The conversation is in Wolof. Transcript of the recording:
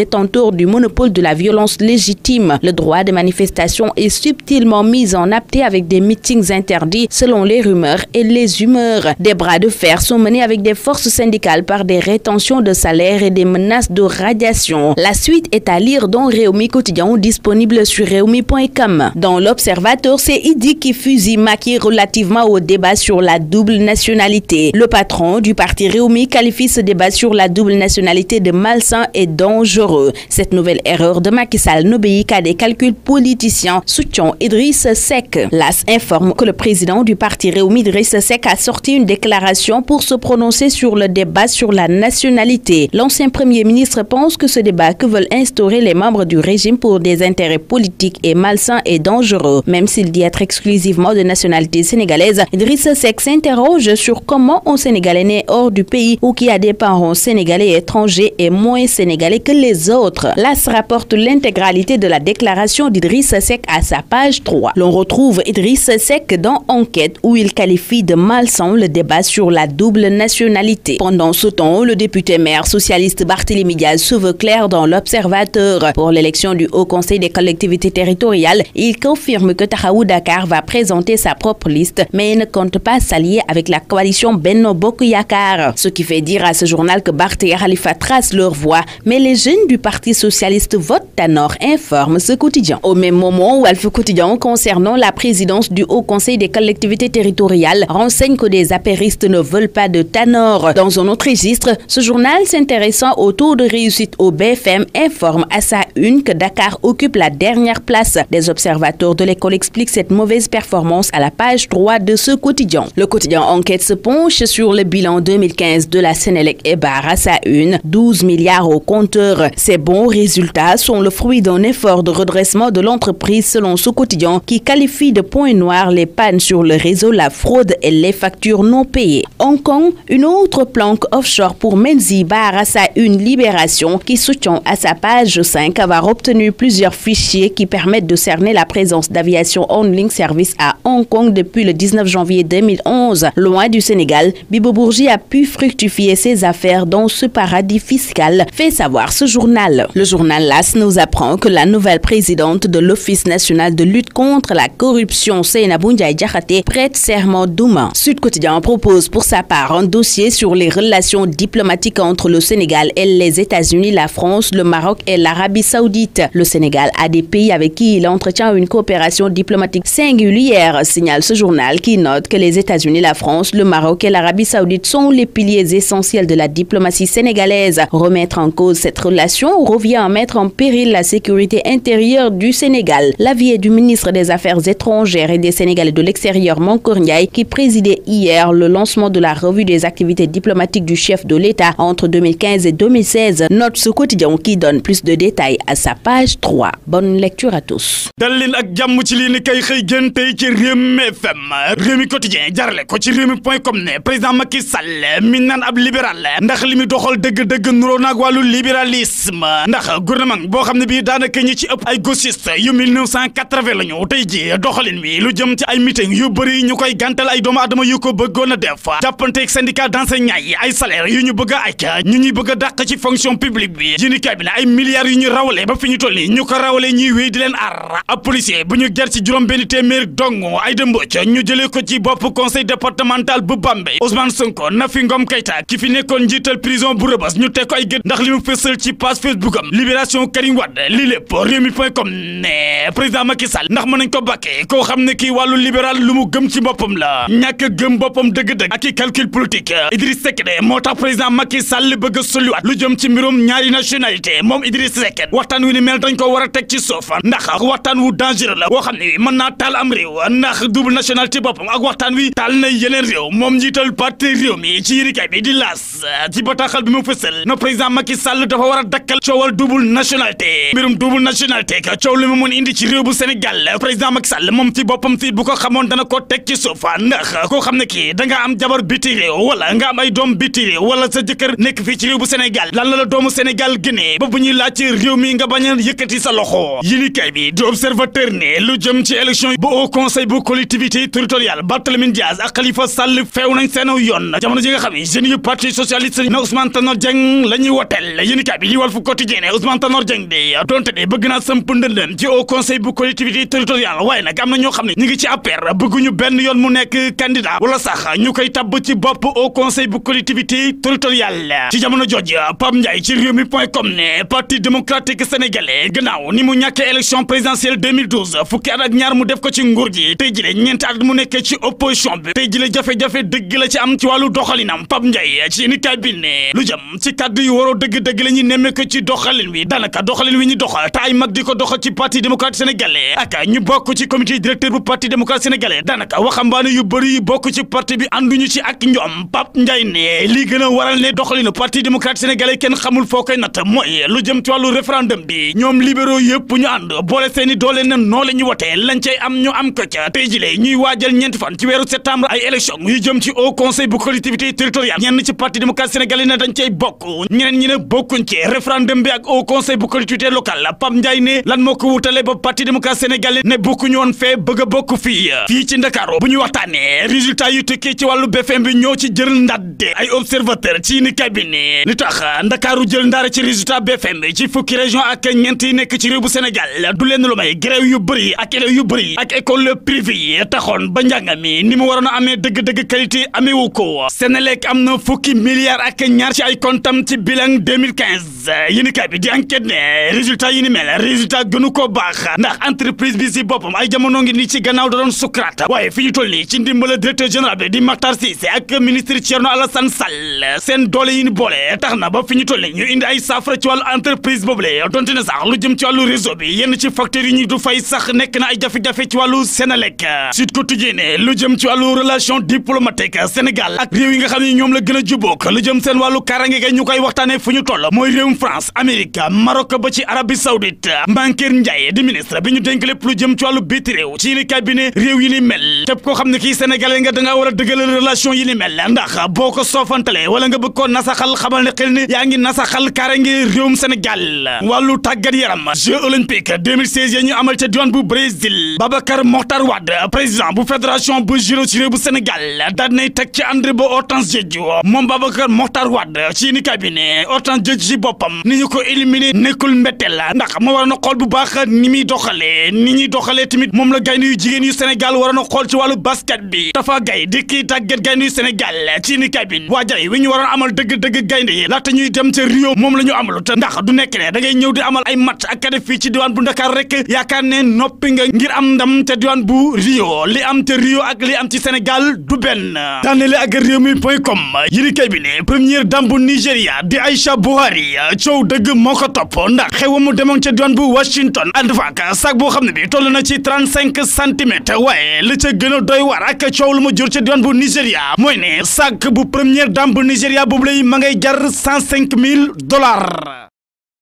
détenteurs du monopole de la violence légitime. Le droit de manifestation est subtilement mis en apté avec des meetings interdits selon les rumeurs et les humeurs. Des bras de fer sont menés avec des forces syndicales par des rétentions de salaire et des menaces de radiation. La suite est à lire dans Réumi Quotidien disponible sur réumi.com. Dans l'Observateur, c'est Idi qui fusille Maki relativement au débat sur la double nationalité. Le patron du parti Réumi qualifie ce débat la double nationalité de malsain dangereux. Cette nouvelle erreur de Macky n'obéit qu'à des calculs politiciens, soutient Idriss Seck. L'AS informe que le président du parti Réumi Idriss Seck a sorti une déclaration pour se prononcer sur le débat sur la nationalité. L'ancien premier ministre pense que ce débat que veulent instaurer les membres du régime pour des intérêts politiques est malsain et dangereux. Même s'il dit être exclusivement de nationalité sénégalaise, Idriss Seck s'interroge sur a les autres. L'AS rapporte l'intégralité de la déclaration d'Idriss Sek à sa page L'on retrouve Idriss Sek dans Enquête où il qualifie de malsain le débat sur la double nationalité. Pendant ce temps, le député maire socialiste Barthélémy Diaz se veut clair dans l'Observateur. Pour l'élection du Haut Conseil des collectivités territoriales, il confirme que Tahaou Dakar va présenter sa propre liste mais ne compte pas s'allier avec la coalition Benno Bokuyakar. Ce qui fait une du Parti socialiste vote Tanor, informe ce quotidien. Au même moment, Walf Quotidien, concernant la présidence du Haut Conseil des collectivités territoriales, renseigne que des apéristes ne veulent pas de Tanor. Dans un autre ce journal s'intéressant au taux de réussite au BFM informe à sa une que Dakar occupe la dernière place. Des observateurs de l'école expliquent cette mauvaise performance à la page de ce quotidien. Le quotidien Enquête se de la Ces bons résultats sont le fruit d'un effort de redressement de l'entreprise selon ce quotidien qui qualifie de points noirs les pannes sur le réseau, la fraude et les factures non payées. Hong Kong, une autre planque offshore pour Menzibar à sa une libération qui soutient à sa page avoir obtenu plusieurs fichiers qui permettent de cerner la présence d'aviation on-link service à Hong Kong depuis le 19 janvier Loin du Sénégal, Bibo Bourgi a pu fructifier journal. Le journal LAS nous apprend que la nouvelle présidente de l'Office national de lutte contre la corruption, Seynabou Ndiaye Diakhaté, prête serment demain. Sud Quotidien propose pour sa part un dossier sur les relations diplomatiques entre le Sénégal et les États-Unis, la France, le Maroc et l'Arabie saoudite. Le Sénégal a des pays avec qui il entretient une coopération diplomatique singulière, signale ce journal qui note que les États-Unis, la France, le Maroc et l'Arabie saoudite la diplomatie sénégalaise. population revient à mettre en péril la sécurité intérieure du Sénégal. L'avis est du ministre des Affaires étrangères et des Sénégalais de l'extérieur, Mankor qui présidait hier le lancement de la revue des activités diplomatiques du chef de l'État entre et Note ce quotidien qui donne plus de détails à sa page 3. Bonne lecture à tous. dal leen ak jàmm ci lii ni kay xëy gën tey ci Rewmi FM Rewmi quotidien jarale ko gauchisme ndax gouvernement boo xam ne bii daanaka ñi ci ëpp ay gauchiste yu 1980 la ñu tey ji doxalin wi lu jëm ci ay meeting yu bëri ñu koy gàntal ay doomu adama yu ko bëggoon def jàppanteeg syndicat d'enseignants yi ay salaire yu ñu bëgg a ñu ñuy bëgg a ci fonction publique bi yi ni cabinet ay milliards yu ñu rawale ba fi ñu toll ñu ko rawale ñuy wéy leen ar ab policier bu ñu ger ci juróom benn téeméer dong ay dëmbooc ñu jëlee ko ci bopp conseil départemental bu Bambey page Facebook am libération Karim Wade lii lépp point com président Macky Sall ndax mën nañ ko bàkkee koo xam ne ki wàllu libéral lu mu gëm ci boppam la ñàkk gëm boppam dëgg-dëgg ak i calcul politique Idriss Seck de moo tax président Macky Sall bëgg a soliwaat lu jëm ci mbirom ñaari nationalité moom Idriss Seck waxtaan wi ni mel dañ ko war a teg ci suuf ndax waxtaan wu dangereux la woo xam ne mën naa taal am réew ndax double nationalité boppam ak waxtaan wi taal na yeneen moom njiital parti réew mi ci yërikaay bi Sall dafa dakkal coowal double nationalité mbirum double nationalité ka coow li mu mun indi ci réew bu Sénégal président Macky Sall moom ci boppam tiit bu ko xamoon dana ko teg ci suuf ndax koo xam ne kii danga am jabar biti réew wala am ay doom biti réew wala sa jëkkër nekk fii ci réew bu Sénégal lan la la doomu Sénégal gënee ba bu ñuy laaj ci réew mi nga bañ a yëkkati sa loxo yi ni kay bi di observateur ne lu jëm ci élection bu au conseil bu collectivité territoriale Barthélémy Diaz a Khalifa Sall feew nañ seen yoon jamono nga Walf Quotidien ne Ousmane Tanor Dieng de donte de bëgg naa sëmp ndënd leen ci au conseil bu collectivité territoriale waaye nag am na ñoo xam ne ñu ngi ci APR bëgguñu benn yoon mu nekk candidat wala sax ñu koy tabb ci bopp au conseil bu collectivité territoriale ci jamono jooju Pape Ndiaye ci réew mi ne parti démocratique sénégalais gannaaw ni mu ñàkkee élection présidentielle 2012 fukki at ak ñaar mu def ko ci nguur gi tey jile ñeenti at mu nekk ci opposition bi tey am ci wàllu doxalinam Pape Ndiaye daanaka a waral ne doxalinu parti démocrate sénégalais kenn xamul foo koy natt mooy lu jëm ci wàllu référendum bi ñoom libéraux yëpp ñu ànd boole seeni doole na noo ñu wotee lañ cay am ñu am ko ca tey ñuy waajal ñeenti fan ci weeru septembre ay élection yu jëm ci haut conseil bu collectivité territoriale ñenn ci parti démocrate sénégalais na dañ cay bokk ñeneen ñi bokkuñ ci référendum bi ak o conseil bu collectivité locale Pam Ndiaye ne lan moo ko wutale ba parti démocratique sénégalais ne bokkuñu woon fee bëgg a bokk fii fii ci Ndakaaru bu ñu waxtaanee résultat yu tukkee ci wàllu BFM bi ñoo ci jël ndàdde ay observateur ci ni cabinet ni tax Ndakaaru jël ndaara ci résultat BFM ci fukki région ak ñeent nekk ci réew bu Sénégal du leen lu may bëri ak élèves yu bëri ak école privée yi taxoon ba njàng mi ni mu waroon amee dëgg-dëgg qualité ameewu ko Sénélec am na fukki milliards ak ñaar ci ay kontam ci bilan 2015 yéen kay bi di enquête ne résultat yi mel résultat gënu ko baax ndax entreprise bi si boppam ay jamono ngi nii ci gannaaw da doon sukuraat waaye fi ñu toll nii ci ndimbala directeur général bi di Makhtar Cissé seen doole yi ni boole tax na ba fi ñu toll nii ñu indi ay saafara ci wàllu entreprise boobu la donte ne sax lu jëm ci wàllu réseau bi yenn ci facteurs yi ñu du fay sax nekk na ay jafe-jafe ci wàllu Sénélec Sud Quotidien lu jëm ci wàllu relation diplomatique Sénégal ak réew yi nga xam ne ñoom la gën a jubóog lu jëm seen wàllu karange ga ñu koy France Amérique Maroc ba ci Arabie Saoudite Mbankeer Ndiaye di ministre bi ñu dénk lépp lu jëm ci wàllu biiti réew ci li cabinet réew yi mel képp koo xam ne kii sénégalais nga dangaa war a dëggalal relation yi ni mel ndax boo ko soofantale wala nga bëgg koo nasaxal xamal ne xel ni yaa ngi nasaxal kaare ngi réewum Sénégal wàllu tàggat yaram Jeux olympiques 2016 ya ñu amal ca diwaan bu Brésil Babacar Mokhtar Wade président bu fédération bu judo ci réew bu Sénégal daal nay teg ci André ba Hortense Diedhiou moom Babacar Mokhtar Wade ci ni cabinet Hortense Diedhiou ci boppam boppam ni ñu ko éliminer nekkul mbetteel la ndax ma war na xool bu baax ni muy doxalee ni ñuy doxalee tamit moom la gaynde yu jigéen yu Sénégal war na xool ci wàllu basket bi dafa gay di kii tàggat gaynde yu Sénégal ci ni cabine waajay wi ñu waroon amal dëgg-dëgg gaynde yi laata ñuy dem ca Rio moom la ñu amalut ndax du nekk ne da ñëw di amal ay match ak kade fii ci diwaan bu Ndakaar rek yaakaar ne noppi nga ngir am ndam ca diwaan bu Rio li am ca Rio ak li ci Sénégal du benn daanele ak réew mi point com yéen kay bi ne première dame bu Nigéria di Aïcha Buhari coow dëgg moo ko topp ndax xew mu demoon ca diwaan bu Washington ànd fa ak sac boo xam ne bi toll na ci trente cinq centimètres waaye li ca gën a doy waar ak coow lu mu jur ca diwaan bu Nigéria mooy ne sac bu première dame bu Nigéria boobu lay ma ngay jar cent cinq mille dollars